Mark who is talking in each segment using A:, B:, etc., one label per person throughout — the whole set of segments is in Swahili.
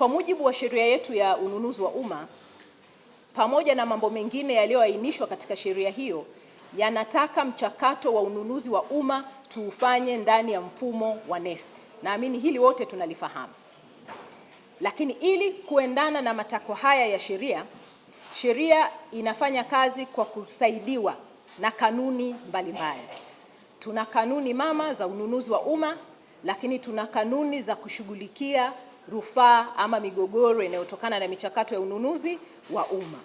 A: Kwa mujibu wa sheria yetu ya ununuzi wa umma, pamoja na mambo mengine yaliyoainishwa katika sheria hiyo, yanataka mchakato wa ununuzi wa umma tuufanye ndani ya mfumo wa NeST. Naamini hili wote tunalifahamu, lakini ili kuendana na matakwa haya ya sheria, sheria inafanya kazi kwa kusaidiwa na kanuni mbalimbali. Tuna kanuni mama za ununuzi wa umma, lakini tuna kanuni za kushughulikia rufaa ama migogoro inayotokana na michakato ya ununuzi wa umma.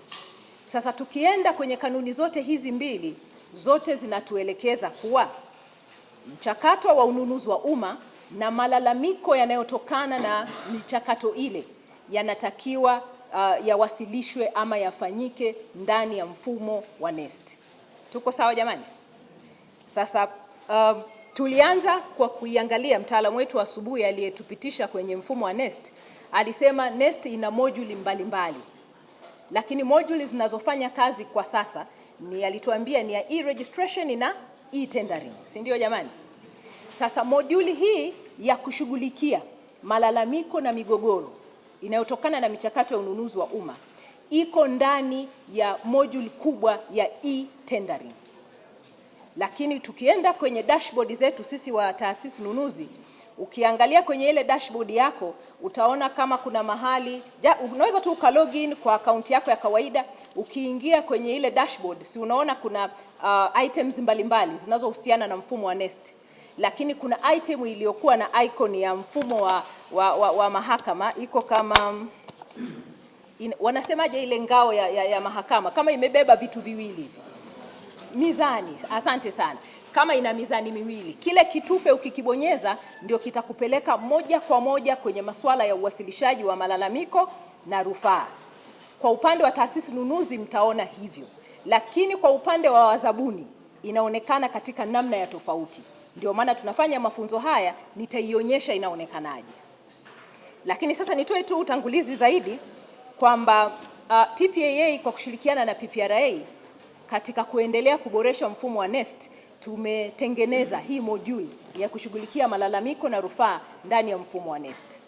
A: Sasa tukienda kwenye kanuni zote hizi mbili, zote zinatuelekeza kuwa mchakato wa ununuzi wa umma na malalamiko yanayotokana na michakato ile yanatakiwa uh, yawasilishwe ama yafanyike ndani ya mfumo wa NeST. Tuko sawa jamani? Sasa uh, Tulianza kwa kuiangalia mtaalamu wetu asubuhi aliyetupitisha kwenye mfumo wa NeST. Alisema NeST ina moduli mbalimbali, lakini moduli zinazofanya kazi kwa sasa ni alituambia ni ya e-registration na e-tendering, si ndio jamani? Sasa moduli hii ya kushughulikia malalamiko na migogoro inayotokana na michakato ya ununuzi wa umma iko ndani ya moduli kubwa ya e-tendering. Lakini tukienda kwenye dashboard zetu sisi wa taasisi nunuzi, ukiangalia kwenye ile dashboard yako utaona kama kuna mahali ja, unaweza tu uka login kwa akaunti yako ya kawaida. Ukiingia kwenye ile dashboard, si unaona kuna uh, items mbalimbali zinazohusiana na mfumo wa NeST lakini kuna item iliyokuwa na icon ya mfumo wa, wa, wa, wa mahakama iko kama in, wanasemaje ile ngao ya, ya, ya mahakama kama imebeba vitu viwili hivi mizani. Asante sana. Kama ina mizani miwili, kile kitufe ukikibonyeza ndio kitakupeleka moja kwa moja kwenye masuala ya uwasilishaji wa malalamiko na rufaa. Kwa upande wa taasisi nunuzi mtaona hivyo, lakini kwa upande wa wazabuni inaonekana katika namna ya tofauti. Ndio maana tunafanya mafunzo haya, nitaionyesha inaonekanaje. Lakini sasa nitoe tu utangulizi zaidi kwamba uh, PPAA kwa kushirikiana na PPRA katika kuendelea kuboresha mfumo wa NeST tumetengeneza hii moduli ya kushughulikia malalamiko na rufaa ndani ya mfumo wa NeST.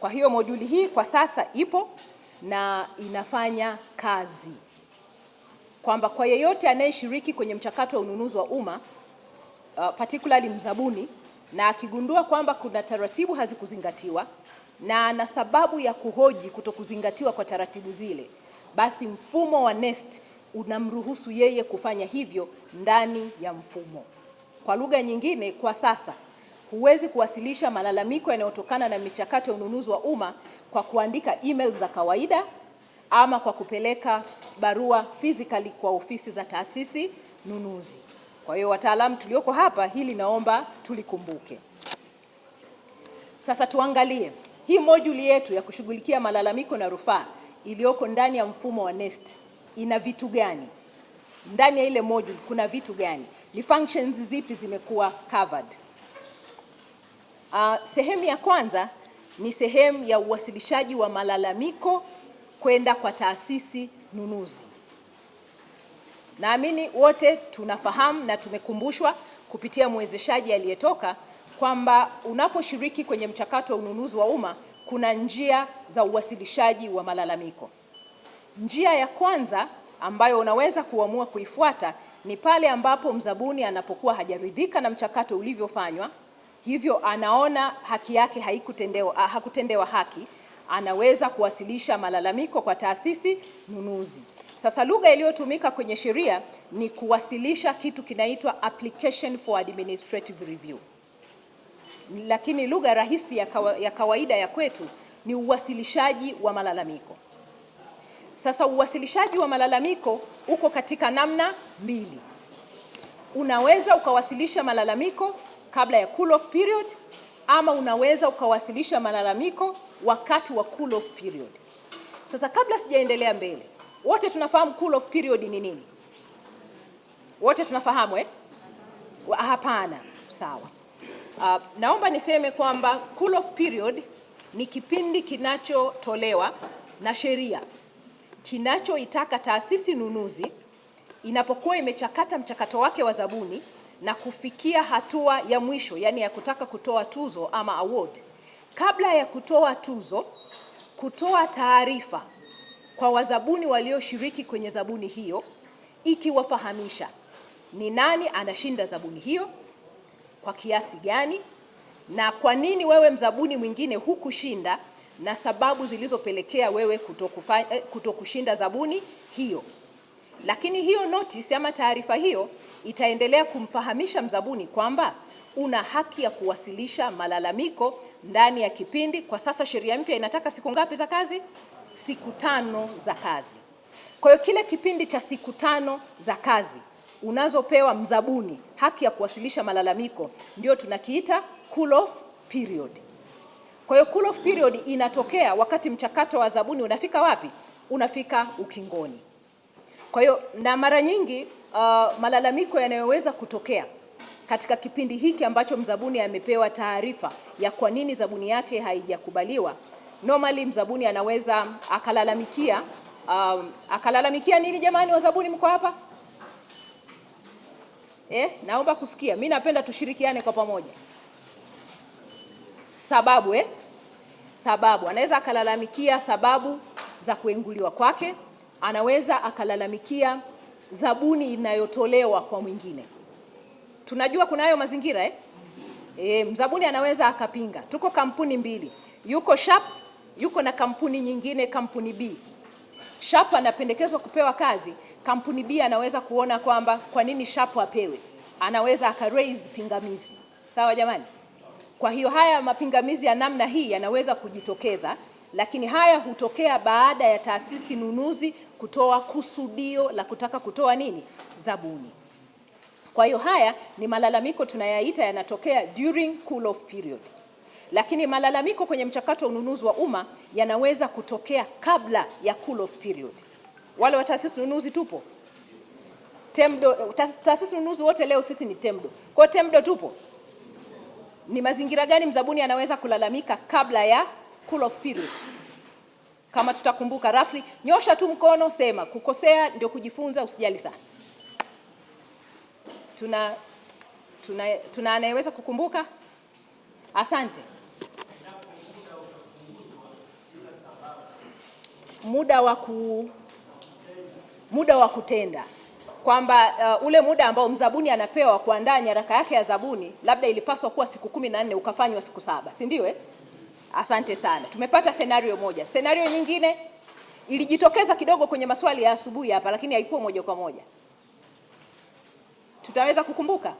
A: Kwa hiyo moduli hii kwa sasa ipo na inafanya kazi kwamba kwa yeyote anayeshiriki kwenye mchakato wa ununuzi wa umma uh, particularly mzabuni na akigundua kwamba kuna taratibu hazikuzingatiwa na ana sababu ya kuhoji kuto kuzingatiwa kwa taratibu zile, basi mfumo wa NeST unamruhusu yeye kufanya hivyo ndani ya mfumo. Kwa lugha nyingine, kwa sasa huwezi kuwasilisha malalamiko yanayotokana na michakato ya ununuzi wa umma kwa kuandika email za kawaida ama kwa kupeleka barua physically kwa ofisi za taasisi nunuzi. Kwa hiyo wataalamu tulioko hapa, hili naomba tulikumbuke. Sasa tuangalie hii moduli yetu ya kushughulikia malalamiko na rufaa iliyoko ndani ya mfumo wa NeST ina vitu gani ndani ya ile module, kuna vitu gani, ni functions zipi zimekuwa covered. Uh, sehemu ya kwanza ni sehemu ya uwasilishaji wa malalamiko kwenda kwa taasisi nunuzi. Naamini wote tunafahamu na tumekumbushwa kupitia mwezeshaji aliyetoka kwamba unaposhiriki kwenye mchakato wa ununuzi wa umma kuna njia za uwasilishaji wa malalamiko. Njia ya kwanza ambayo unaweza kuamua kuifuata ni pale ambapo mzabuni anapokuwa hajaridhika na mchakato ulivyofanywa, hivyo anaona haki yake haikutendewa, ah, hakutendewa haki, anaweza kuwasilisha malalamiko kwa taasisi nunuzi. Sasa lugha iliyotumika kwenye sheria ni kuwasilisha kitu kinaitwa application for administrative review, lakini lugha rahisi ya kawaida ya kwetu ni uwasilishaji wa malalamiko. Sasa uwasilishaji wa malalamiko uko katika namna mbili. Unaweza ukawasilisha malalamiko kabla ya cool off period ama unaweza ukawasilisha malalamiko wakati wa cool off period. Sasa kabla sijaendelea mbele, wote tunafahamu cool off period ni nini? Wote tunafahamu eh? Hapana, sawa. Uh, naomba niseme kwamba cool off period ni kipindi kinachotolewa na sheria kinachoitaka taasisi nunuzi inapokuwa imechakata mchakato wake wa zabuni na kufikia hatua ya mwisho, yaani ya kutaka kutoa tuzo ama award, kabla ya kutoa tuzo, kutoa taarifa kwa wazabuni walioshiriki kwenye zabuni hiyo ikiwafahamisha ni nani anashinda zabuni hiyo, kwa kiasi gani, na kwa nini wewe mzabuni mwingine hukushinda na sababu zilizopelekea wewe kutokufanya, eh, kutokushinda zabuni hiyo. Lakini hiyo notice ama taarifa hiyo itaendelea kumfahamisha mzabuni kwamba una haki ya kuwasilisha malalamiko ndani ya kipindi. Kwa sasa sheria mpya inataka siku ngapi za kazi? Siku tano za kazi. Kwa hiyo kile kipindi cha siku tano za kazi unazopewa mzabuni haki ya kuwasilisha malalamiko ndio tunakiita cool off period. Kwa hiyo cool off period inatokea wakati mchakato wa zabuni unafika wapi? Unafika ukingoni. Kwa hiyo na mara nyingi uh, malalamiko yanayoweza kutokea katika kipindi hiki ambacho mzabuni amepewa taarifa ya kwa nini zabuni yake haijakubaliwa, normally mzabuni anaweza akalalamikia um, akalalamikia nini? Jamani wa zabuni mko hapa eh? Naomba kusikia, mi napenda tushirikiane kwa pamoja sababu eh? sababu. Anaweza akalalamikia sababu za kuenguliwa kwake, anaweza akalalamikia zabuni inayotolewa kwa mwingine. Tunajua kuna hayo mazingira eh? E, mzabuni anaweza akapinga. Tuko kampuni mbili, yuko Sharp yuko na kampuni nyingine, kampuni B. Sharp anapendekezwa kupewa kazi, kampuni B anaweza kuona kwamba kwa nini Sharp apewe, anaweza aka raise pingamizi. Sawa jamani. Kwa hiyo haya mapingamizi ya namna hii yanaweza kujitokeza, lakini haya hutokea baada ya taasisi nunuzi kutoa kusudio la kutaka kutoa nini? Zabuni. Kwa hiyo haya ni malalamiko tunayaita yanatokea during cool off period. Lakini malalamiko kwenye mchakato wa ununuzi wa umma yanaweza kutokea kabla ya cool off period. Wale wa taasisi nunuzi tupo? Temdo, taasisi nunuzi wote leo sisi ni Temdo. Kwa Temdo tupo? ni mazingira gani mzabuni anaweza kulalamika kabla ya cool off period? Kama tutakumbuka rafli, nyosha tu mkono, sema kukosea ndio kujifunza, usijali sana. Tuna, tuna, tuna anayeweza kukumbuka? Asante. Muda wa ku muda wa kutenda kwamba uh, ule muda ambao mzabuni anapewa kuandaa nyaraka yake ya zabuni labda ilipaswa kuwa siku kumi na nne ukafanywa siku saba, si ndio? Eh? Asante sana, tumepata senario moja. Senario nyingine ilijitokeza kidogo kwenye maswali ya asubuhi hapa, lakini haikuwa moja kwa moja. Tutaweza kukumbuka,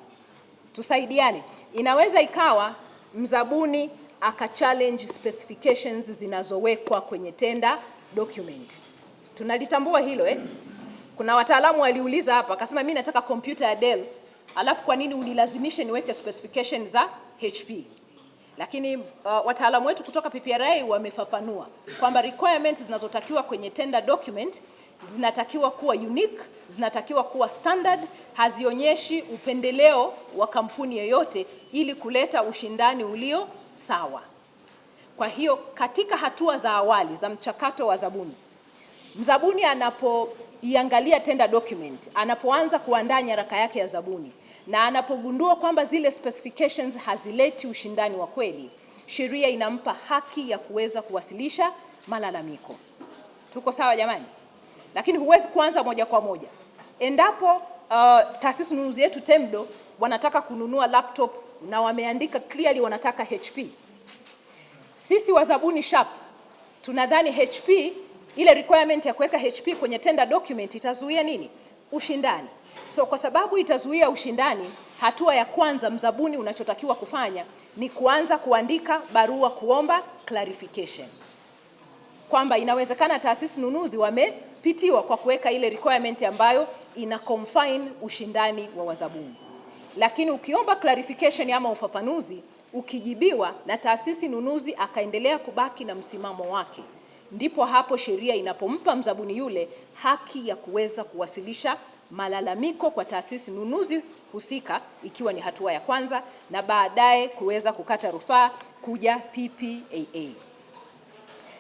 A: tusaidiane. Inaweza ikawa mzabuni aka challenge specifications zinazowekwa kwenye tender document, tunalitambua hilo eh? Kuna wataalamu waliuliza hapa, akasema mimi nataka kompyuta ya Dell, alafu kwa nini unilazimishe niweke specification za HP? Lakini uh, wataalamu wetu kutoka PPRA wamefafanua kwamba requirements zinazotakiwa kwenye tender document zinatakiwa kuwa unique, zinatakiwa kuwa standard, hazionyeshi upendeleo wa kampuni yoyote ili kuleta ushindani ulio sawa. Kwa hiyo katika hatua za awali za mchakato wa zabuni, mzabuni anapo iangalia tender document anapoanza kuandaa nyaraka yake ya zabuni na anapogundua kwamba zile specifications hazileti ushindani wa kweli, sheria inampa haki ya kuweza kuwasilisha malalamiko. Tuko sawa jamani? Lakini huwezi kuanza moja kwa moja. Endapo uh, taasisi nunuzi yetu Temdo wanataka kununua laptop na wameandika clearly wanataka HP, sisi wazabuni sharp tunadhani HP ile requirement ya kuweka HP kwenye tender document itazuia nini? Ushindani. So kwa sababu itazuia ushindani, hatua ya kwanza mzabuni unachotakiwa kufanya ni kuanza kuandika barua kuomba clarification kwamba inawezekana taasisi nunuzi wamepitiwa kwa kuweka ile requirement ambayo ina confine ushindani wa wazabuni. Lakini ukiomba clarification ama ufafanuzi, ukijibiwa na taasisi nunuzi akaendelea kubaki na msimamo wake ndipo hapo sheria inapompa mzabuni yule haki ya kuweza kuwasilisha malalamiko kwa taasisi nunuzi husika, ikiwa ni hatua ya kwanza, na baadaye kuweza kukata rufaa kuja PPAA.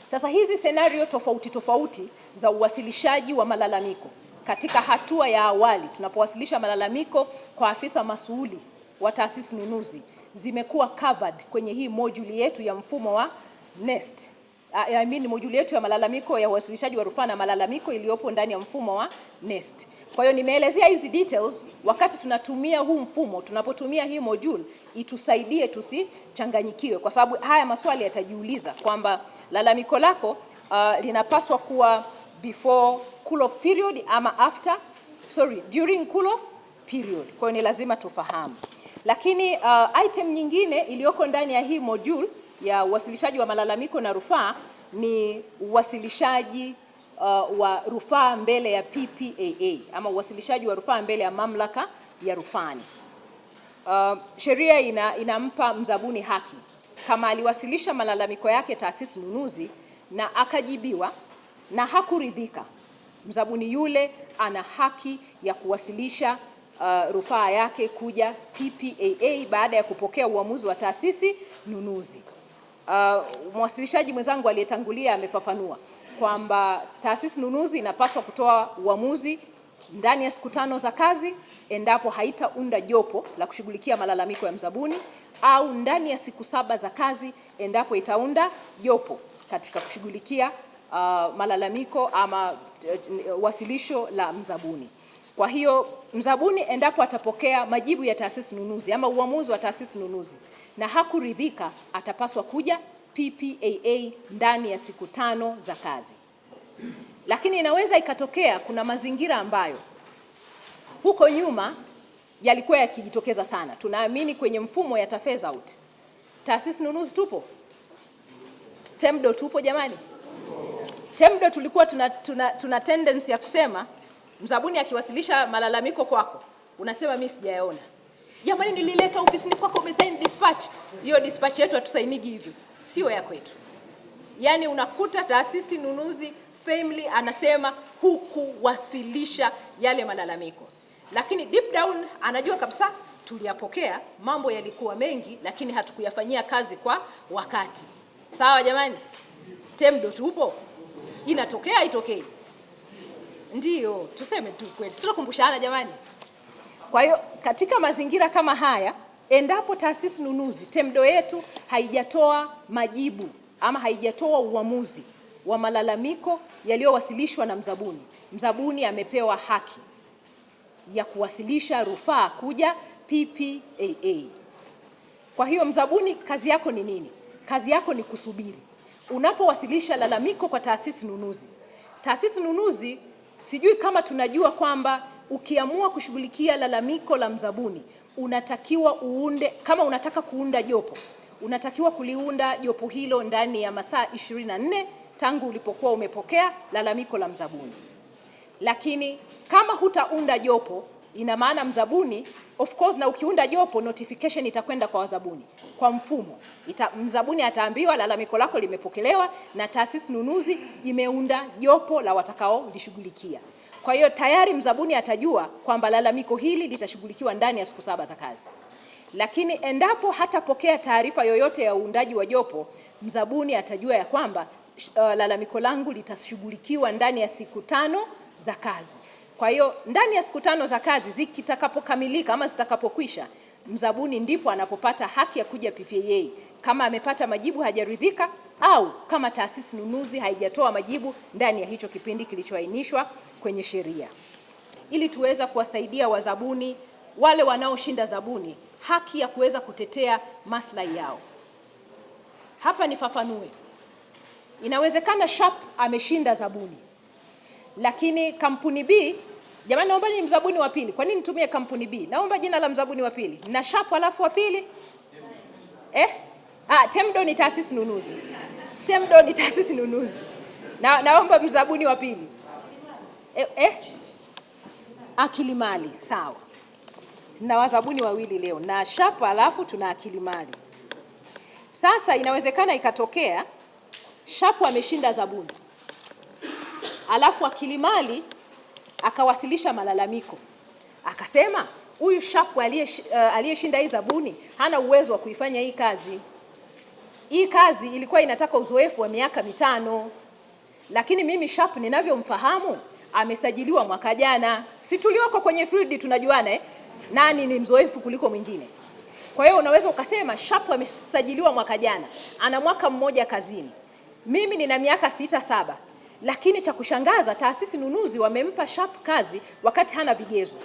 A: Sasa hizi senario tofauti tofauti za uwasilishaji wa malalamiko katika hatua ya awali, tunapowasilisha malalamiko kwa afisa masuuli wa taasisi nunuzi, zimekuwa covered kwenye hii moduli yetu ya mfumo wa NeST. Ah, I mean, moduli yetu ya malalamiko ya uwasilishaji wa rufaa na malalamiko iliyopo ndani ya mfumo wa NeST. Kwa hiyo nimeelezea hizi details wakati tunatumia huu mfumo, tunapotumia hii module itusaidie tusichanganyikiwe, kwa sababu haya maswali yatajiuliza kwamba lalamiko lako uh, linapaswa kuwa before cool off period ama after, sorry, during cool off period. Kwa hiyo ni lazima tufahamu, lakini uh, item nyingine iliyoko ndani ya hii module ya uwasilishaji wa malalamiko na rufaa ni uwasilishaji uh, wa rufaa mbele ya PPAA ama uwasilishaji wa rufaa mbele ya mamlaka ya rufani. Uh, sheria ina, inampa mzabuni haki kama aliwasilisha malalamiko yake taasisi nunuzi na akajibiwa na hakuridhika, mzabuni yule ana haki ya kuwasilisha uh, rufaa yake kuja PPAA baada ya kupokea uamuzi wa taasisi nunuzi uh, mwasilishaji mwenzangu aliyetangulia amefafanua kwamba taasisi nunuzi inapaswa kutoa uamuzi ndani ya siku tano za kazi endapo haitaunda jopo la kushughulikia malalamiko ya mzabuni au ndani ya siku saba za kazi endapo itaunda jopo katika kushughulikia uh, malalamiko ama uh, wasilisho la mzabuni. Kwa hiyo mzabuni endapo atapokea majibu ya taasisi nunuzi ama uamuzi wa taasisi nunuzi na hakuridhika atapaswa kuja PPAA ndani ya siku tano za kazi. Lakini inaweza ikatokea kuna mazingira ambayo huko nyuma yalikuwa yakijitokeza sana. Tunaamini kwenye mfumo yata phase out. Taasisi nunuzi tupo, TEMDO tupo jamani. TEMDO tulikuwa tuna, tuna, tuna tendency ya kusema mzabuni akiwasilisha malalamiko kwako unasema mimi sijayaona. Jamani, nilileta ofisini kwako, umesign dispatch. Hiyo dispatch yetu hatusainigi hivyo, sio ya kwetu. Yaani unakuta taasisi nunuzi family anasema hukuwasilisha yale malalamiko, lakini deep down anajua kabisa tuliyapokea, mambo yalikuwa mengi, lakini hatukuyafanyia kazi kwa wakati. Sawa jamani, TEMDO tupo, inatokea itokee, ndiyo tuseme tu kweli, tutakumbushana jamani. Kwa hiyo katika mazingira kama haya, endapo taasisi nunuzi TEMDO yetu haijatoa majibu ama haijatoa uamuzi wa malalamiko yaliyowasilishwa na mzabuni, mzabuni amepewa haki ya kuwasilisha rufaa kuja PPAA. Kwa hiyo mzabuni, kazi yako ni nini? Kazi yako ni kusubiri. Unapowasilisha lalamiko kwa taasisi nunuzi, taasisi nunuzi, sijui kama tunajua kwamba ukiamua kushughulikia lalamiko la mzabuni unatakiwa uunde, kama unataka kuunda jopo, unatakiwa kuliunda jopo hilo ndani ya masaa 24 tangu ulipokuwa umepokea lalamiko la mzabuni. Lakini kama hutaunda jopo, ina maana mzabuni of course, na ukiunda jopo notification itakwenda kwa wazabuni kwa mfumo ita, mzabuni ataambiwa lalamiko lako limepokelewa na taasisi nunuzi imeunda jopo la watakaolishughulikia. Kwa hiyo tayari mzabuni atajua kwamba lalamiko hili litashughulikiwa ndani ya siku saba za kazi. Lakini endapo hatapokea taarifa yoyote ya uundaji wa jopo, mzabuni atajua ya kwamba uh, lalamiko langu litashughulikiwa ndani ya siku tano za kazi. Kwa hiyo ndani ya siku tano za kazi zikitakapokamilika ama zitakapokwisha, mzabuni ndipo anapopata haki ya kuja PPAA kama amepata majibu hajaridhika au kama taasisi nunuzi haijatoa majibu ndani ya hicho kipindi kilichoainishwa kwenye sheria ili tuweza kuwasaidia wazabuni wale wanaoshinda zabuni haki ya kuweza kutetea maslahi yao. Hapa nifafanue, inawezekana Sharp ameshinda zabuni, lakini kampuni B, jamani, naomba ni mzabuni wa pili. Kwa nini nitumie kampuni B? Naomba jina la mzabuni wa pili na Sharp alafu wa pili eh? Ah, Temdo ni taasisi nunuzi. Temdo ni taasisi nunuzi na, naomba mzabuni wa pili eh, eh, akilimali sawa. Na wazabuni wawili leo na shapa, alafu tuna akilimali. Sasa inawezekana ikatokea shapu ameshinda zabuni, alafu akilimali akawasilisha malalamiko akasema huyu shapu eh, aliyeshinda uh, hii zabuni hana uwezo wa kuifanya hii kazi. Hii kazi ilikuwa inataka uzoefu wa miaka mitano, lakini mimi shapu ninavyomfahamu amesajiliwa mwaka jana, si tulioko kwenye field tunajuana eh? Nani ni mzoefu kuliko mwingine. Kwa hiyo unaweza ukasema Shapu amesajiliwa mwaka jana, ana mwaka mmoja kazini, mimi nina miaka sita saba, lakini cha kushangaza taasisi nunuzi wamempa Shapu kazi wakati hana vigezo.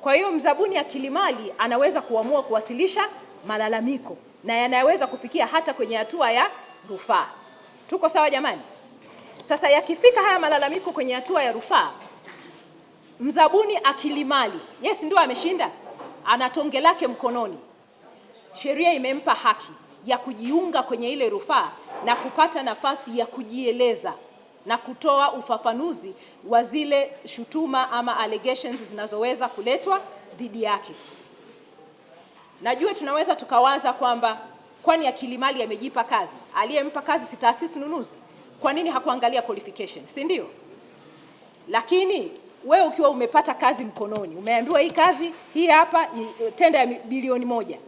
A: Kwa hiyo mzabuni akilimali anaweza kuamua kuwasilisha malalamiko na yanaweza kufikia hata kwenye hatua ya rufaa. Tuko sawa jamani? Sasa yakifika haya malalamiko kwenye hatua ya rufaa, mzabuni akilimali, yes, ndio ameshinda, ana tonge lake mkononi. Sheria imempa haki ya kujiunga kwenye ile rufaa na kupata nafasi ya kujieleza na kutoa ufafanuzi wa zile shutuma ama allegations zinazoweza kuletwa dhidi yake. Najua tunaweza tukawaza kwamba kwani akilimali amejipa kazi, aliyempa kazi si taasisi nunuzi? Kwa nini hakuangalia qualification, si ndio? Lakini wewe ukiwa umepata kazi mkononi, umeambiwa hii kazi hii hapa, tenda ya bilioni moja,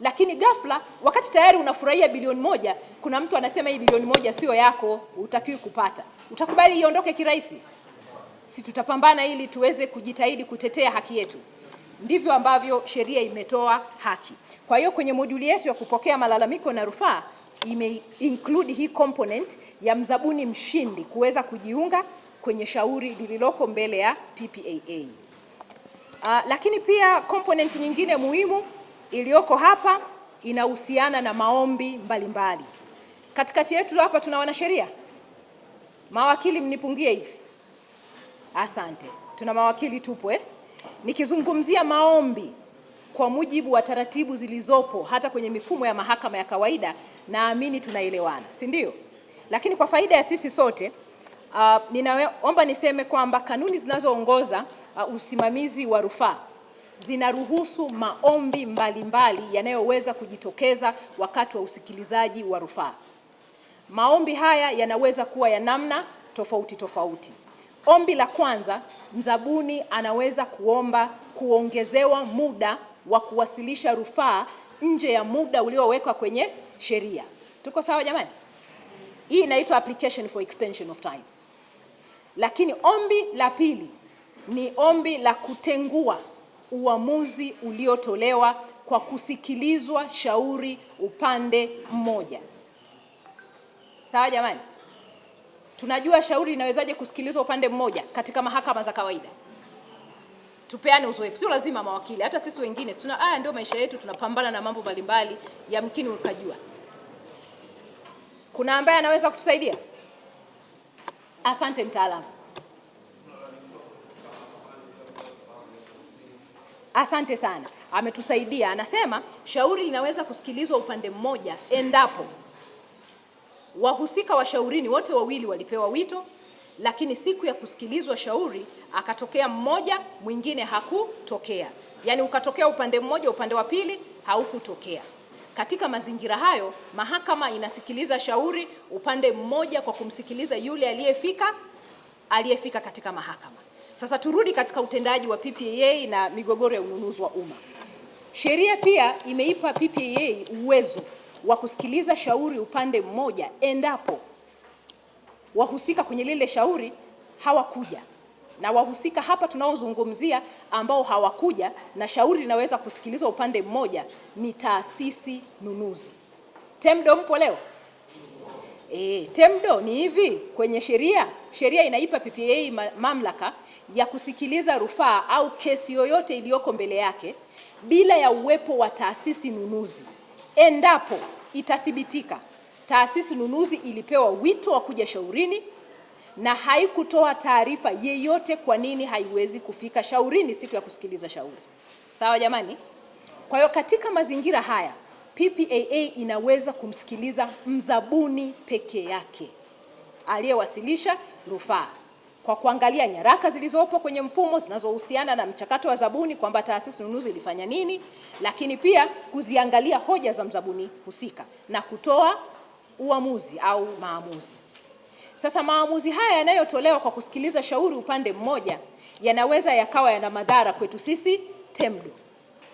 A: lakini ghafla, wakati tayari unafurahia bilioni moja, kuna mtu anasema hii bilioni moja sio yako, utakiwi kupata, utakubali iondoke kirahisi? Si tutapambana ili tuweze kujitahidi kutetea haki yetu. Ndivyo ambavyo sheria imetoa haki. Kwa hiyo kwenye moduli yetu ya kupokea malalamiko na rufaa ime include hii component ya mzabuni mshindi kuweza kujiunga kwenye shauri lililoko mbele ya PPAA. Uh, ah, lakini pia component nyingine muhimu iliyoko hapa inahusiana na maombi mbalimbali. Katikati yetu hapa tuna wanasheria, mawakili, mnipungie hivi. Asante, tuna mawakili tupo eh? Nikizungumzia maombi kwa mujibu wa taratibu zilizopo hata kwenye mifumo ya mahakama ya kawaida, naamini tunaelewana, si ndio? Lakini kwa faida ya sisi sote uh, ninaomba niseme kwamba kanuni zinazoongoza uh, usimamizi wa rufaa zinaruhusu maombi mbalimbali yanayoweza kujitokeza wakati wa usikilizaji wa rufaa. Maombi haya yanaweza kuwa ya namna tofauti tofauti. Ombi la kwanza, mzabuni anaweza kuomba kuongezewa muda wa kuwasilisha rufaa nje ya muda uliowekwa kwenye sheria. Tuko sawa jamani? Hii inaitwa application for extension of time. Lakini ombi la pili ni ombi la kutengua uamuzi uliotolewa kwa kusikilizwa shauri upande mmoja. Sawa jamani? Tunajua shauri inawezaje kusikilizwa upande mmoja katika mahakama za kawaida? tupeane uzoefu, sio lazima mawakili, hata sisi wengine tuna haya, ndio maisha yetu, tunapambana na mambo mbalimbali, yamkini ukajua kuna ambaye anaweza kutusaidia. Asante mtaalamu, asante sana, ametusaidia. Anasema shauri linaweza kusikilizwa upande mmoja endapo wahusika wa shaurini wote wawili walipewa wito lakini siku ya kusikilizwa shauri akatokea mmoja, mwingine hakutokea, yaani ukatokea upande mmoja, upande wa pili haukutokea. Katika mazingira hayo, mahakama inasikiliza shauri upande mmoja kwa kumsikiliza yule aliyefika aliyefika katika mahakama. Sasa turudi katika utendaji wa PPAA na migogoro ya ununuzi wa umma. Sheria pia imeipa PPAA uwezo wa kusikiliza shauri upande mmoja endapo wahusika kwenye lile shauri hawakuja, na wahusika hapa tunaozungumzia ambao hawakuja na shauri linaweza kusikilizwa upande mmoja ni taasisi nunuzi. TEMDO mpo leo? E, TEMDO ni hivi, kwenye sheria sheria inaipa ppa mamlaka ya kusikiliza rufaa au kesi yoyote iliyoko mbele yake bila ya uwepo wa taasisi nunuzi endapo itathibitika taasisi nunuzi ilipewa wito wa kuja shaurini na haikutoa taarifa yeyote kwa nini haiwezi kufika shaurini siku ya kusikiliza shauri. Sawa jamani? Kwa hiyo katika mazingira haya PPAA inaweza kumsikiliza mzabuni peke yake aliyewasilisha rufaa kwa kuangalia nyaraka zilizopo kwenye mfumo zinazohusiana na mchakato wa zabuni kwamba taasisi nunuzi ilifanya nini, lakini pia kuziangalia hoja za mzabuni husika na kutoa uamuzi au maamuzi. Sasa maamuzi haya yanayotolewa kwa kusikiliza shauri upande mmoja yanaweza yakawa yana madhara kwetu sisi TEMDU.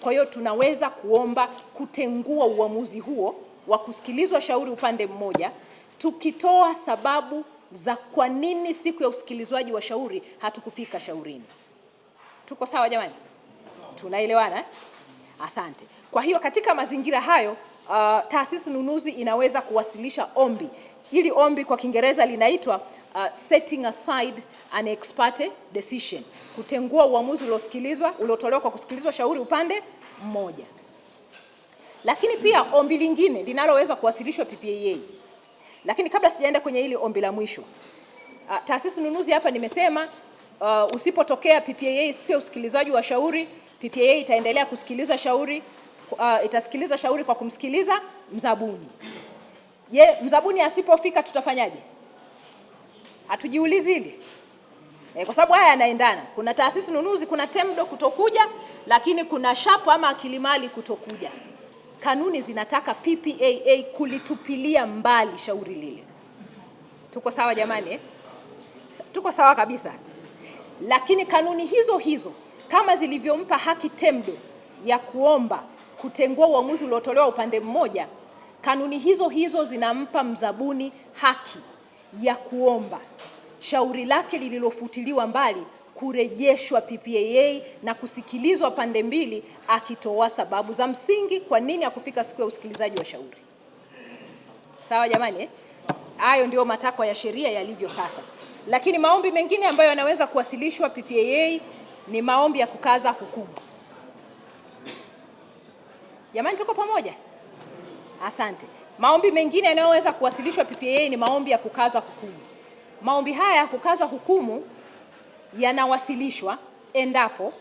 A: Kwa hiyo tunaweza kuomba kutengua uamuzi huo wa kusikilizwa shauri upande mmoja, tukitoa sababu za kwa nini siku ya usikilizwaji wa shauri hatukufika shaurini. Tuko sawa jamani? Tunaelewana? Eh? Asante. Kwa hiyo katika mazingira hayo uh, taasisi nunuzi inaweza kuwasilisha ombi. Hili ombi kwa Kiingereza linaitwa uh, setting aside an ex parte decision, kutengua uamuzi uliosikilizwa uliotolewa kwa kusikilizwa shauri upande mmoja. Lakini pia ombi lingine linaloweza kuwasilishwa PPAA. Lakini kabla sijaenda kwenye hili ombi la mwisho, uh, taasisi nunuzi hapa nimesema uh, usipotokea PPAA siku ya usikilizaji wa shauri, PPAA itaendelea kusikiliza shauri uh, itasikiliza shauri kwa kumsikiliza mzabuni. Je, mzabuni asipofika tutafanyaje? Hatujiulizi hili e, kwa sababu haya yanaendana. Kuna taasisi nunuzi, kuna TEMDO kutokuja, lakini kuna shapo ama akilimali kutokuja. Kanuni zinataka PPAA kulitupilia mbali shauri lile. Tuko sawa jamani eh? Tuko sawa kabisa, lakini kanuni hizo hizo kama zilivyompa haki TEMDO ya kuomba kutengua uamuzi uliotolewa upande mmoja, kanuni hizo hizo zinampa mzabuni haki ya kuomba shauri lake lililofutiliwa mbali kurejeshwa PPAA na kusikilizwa pande mbili, akitoa sababu za msingi kwa nini hakufika siku ya usikilizaji wa shauri. Sawa jamani, eh? hayo Ndio matakwa ya sheria yalivyo sasa, lakini maombi mengine ambayo yanaweza kuwasilishwa PPAA ni maombi ya kukaza hukumu. Jamani, tuko pamoja? Asante. Maombi mengine yanayoweza kuwasilishwa PPAA ni maombi ya kukaza hukumu. Maombi haya ya kukaza hukumu yanawasilishwa endapo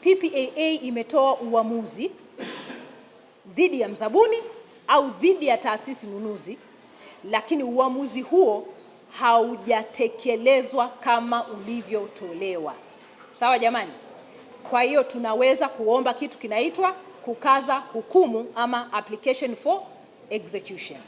A: PPAA imetoa uamuzi dhidi ya mzabuni au dhidi ya taasisi nunuzi, lakini uamuzi huo haujatekelezwa kama ulivyotolewa. Sawa jamani? Kwa hiyo tunaweza kuomba kitu kinaitwa kukaza hukumu ama application for execution.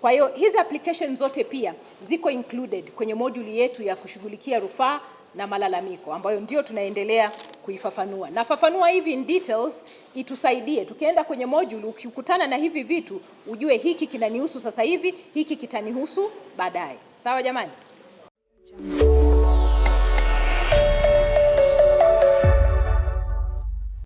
A: Kwa hiyo hizi application zote pia ziko included kwenye moduli yetu ya kushughulikia rufaa na malalamiko ambayo ndio tunaendelea kuifafanua. Nafafanua hivi in details itusaidie tukienda kwenye moduli, ukikutana na hivi vitu ujue hiki kinanihusu sasa hivi, hiki kitanihusu baadaye. Sawa jamani?